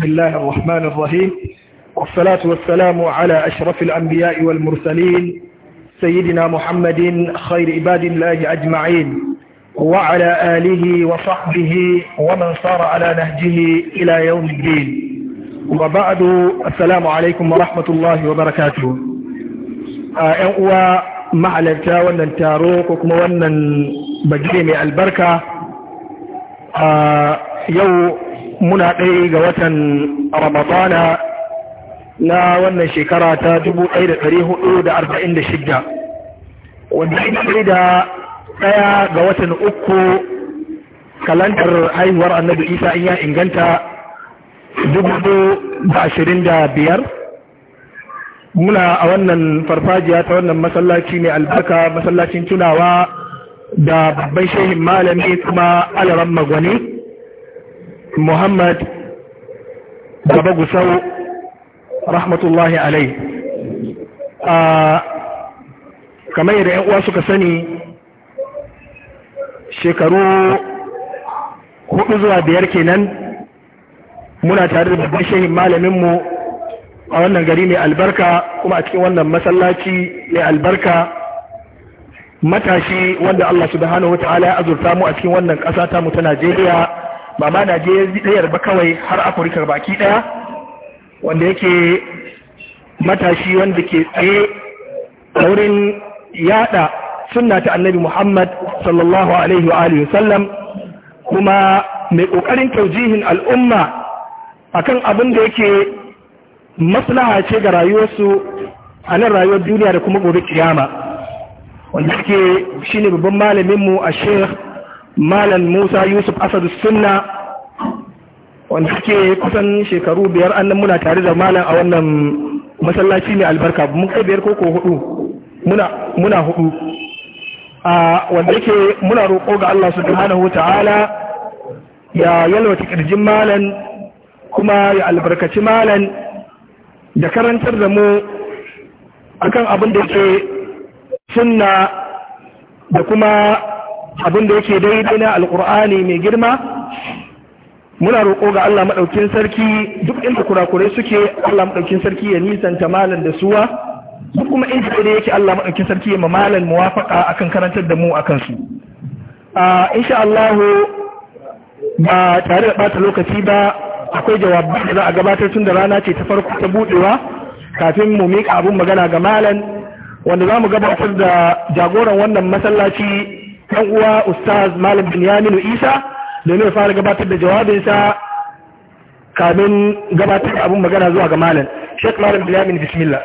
بسم الله الرحمن الرحيم والصلاة والسلام على أشرف الأنبياء والمرسلين سيدنا محمد خير عباد الله أجمعين وعلى آله وصحبه ومن صار على نهجه إلى يوم الدين وبعد السلام عليكم ورحمة الله وبركاته أعوى مع معلتا wannan taro ko kuma wannan muna ɗaya ga watan ramadana na wannan shekara ta 1446 wanda ita ɗaya da ɗaya ga watan uku kalantar haihuwar annabi isa in ya inganta 2025 muna a wannan farfajiya ta wannan masallaci mai albarka masallacin tunawa da babban shehin malami kuma alaran magwani muhammad baba gusau rahmatullahi alai kamar yadda 'yan uwa suka sani shekaru hudu zuwa biyar kenan muna tare da babban shehin malaminmu a wannan gari mai albarka kuma a cikin wannan masallaci mai albarka matashi wanda Allah subhanahu wa ta'ala ya azurta mu a cikin wannan ƙasa ta mu ta Najeriya ba ma Najeriya ɗayar ba kawai har Afirka baki ɗaya wanda yake matashi wanda ke tsaye a wurin yada sunna ta annabi Muhammad sallallahu alaihi wa alihi sallam kuma mai ƙoƙarin taujihin al'umma akan abin da yake maslaha ce ga rayuwarsu a nan rayuwar duniya da kuma gobe kiyama wanda yake shine babban malamin mu a Sheikh malam musa yusuf asadu sunna wanda suke kusan shekaru biyar an nan muna tare da malam a wannan masallaci mai albarka mun kai biyar koko hudu muna hudu a wanda yake muna roƙo ga Allah subhanahu ta'ala ya yalwata kirjin malam kuma ya albarkaci malam da karantar da mu akan abin da ke sunna da kuma abin da yake daidai na alkur'ani mai girma muna roƙo ga Allah maɗaukin sarki duk inda kurakurai suke Allah maɗaukin sarki ya nisanta malam da suwa duk kuma inda daidai yake Allah maɗaukin sarki ya mamalan muwafaka akan karantar da mu akan su insha Allah ba tare da bata lokaci ba akwai jawabin da za a gabatar tun da rana ce ta farko ta buɗewa kafin mu miƙa abun magana ga malam wanda za mu gabatar da jagoran wannan masallaci ɗan uwa ustaz malam binyaminu isa domin fara gabatar da jawabinsa kamin gabatar da abin magana zuwa ga malam sheik malam binyaminu bismillah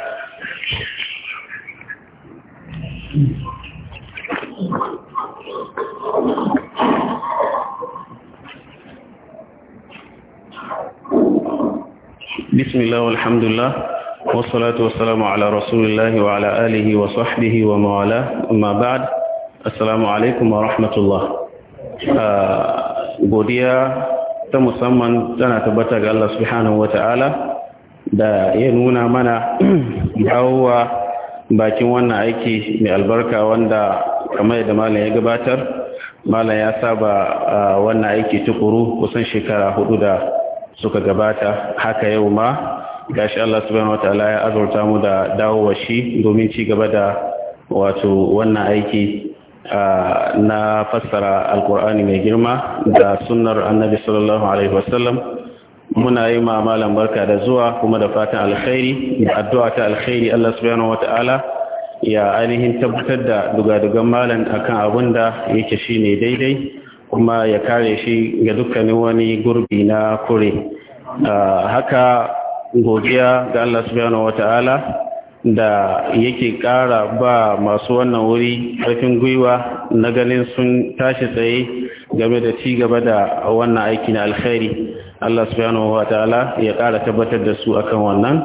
بسم الله والحمد لله والصلاة والسلام على رسول الله وعلى آله وصحبه وموالاه أما بعد Assalamu alaikum wa rahmatullah. Ah, godiya ta musamman tana tabbata ga Allah subhanahu wa ta'ala da ya nuna mana dawowa bakin wannan aiki mai albarka wanda kamar yadda malam ya gabatar, malam ya saba ah, wannan aiki tukuru kusan shekara hudu da suka gabata haka yau ma gashi Allah subhanahu wa ta'ala ya azurta mu da dawowa shi domin ci gaba da wato wannan aiki na fassara alkur'ani mai girma da sunnar annabi sallallahu alaihi wasallam muna yi ma malam barka da zuwa kuma da fatan alkhairi da addu'a ta alkhairi Allah subhanahu wata'ala ya ainihin tabbatar da dugadugan malam akan abin da yake ne daidai kuma ya kare shi ga dukkanin wani gurbi na kure haka godiya ga Allah subhanahu wata'ala da yake ƙara ba masu wannan wuri ƙarfin gwiwa na ganin sun tashi tsaye game da ci gaba da wannan aiki na alkhairi Allah subhanahu wa ta'ala ya kara tabbatar da su akan wannan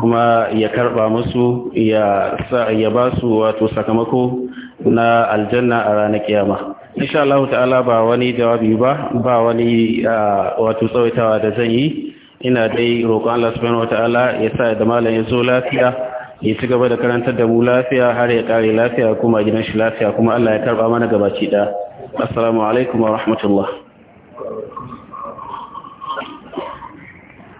kuma ya karɓa musu ya ba su wato sakamako na aljanna a ranar kiyama insha Allah ta'ala ba wani jawabi ba ba wani wato tsawaitawa da zan yi ina dai roƙon Allah subhanahu wa ta'ala ya sa da malam zo lafiya ya ci gaba da karantar da mu lafiya har ya ƙare lafiya kuma gidan shi lafiya kuma Allah ya karɓa mana gabaci da assalamu alaikum wa rahmatullah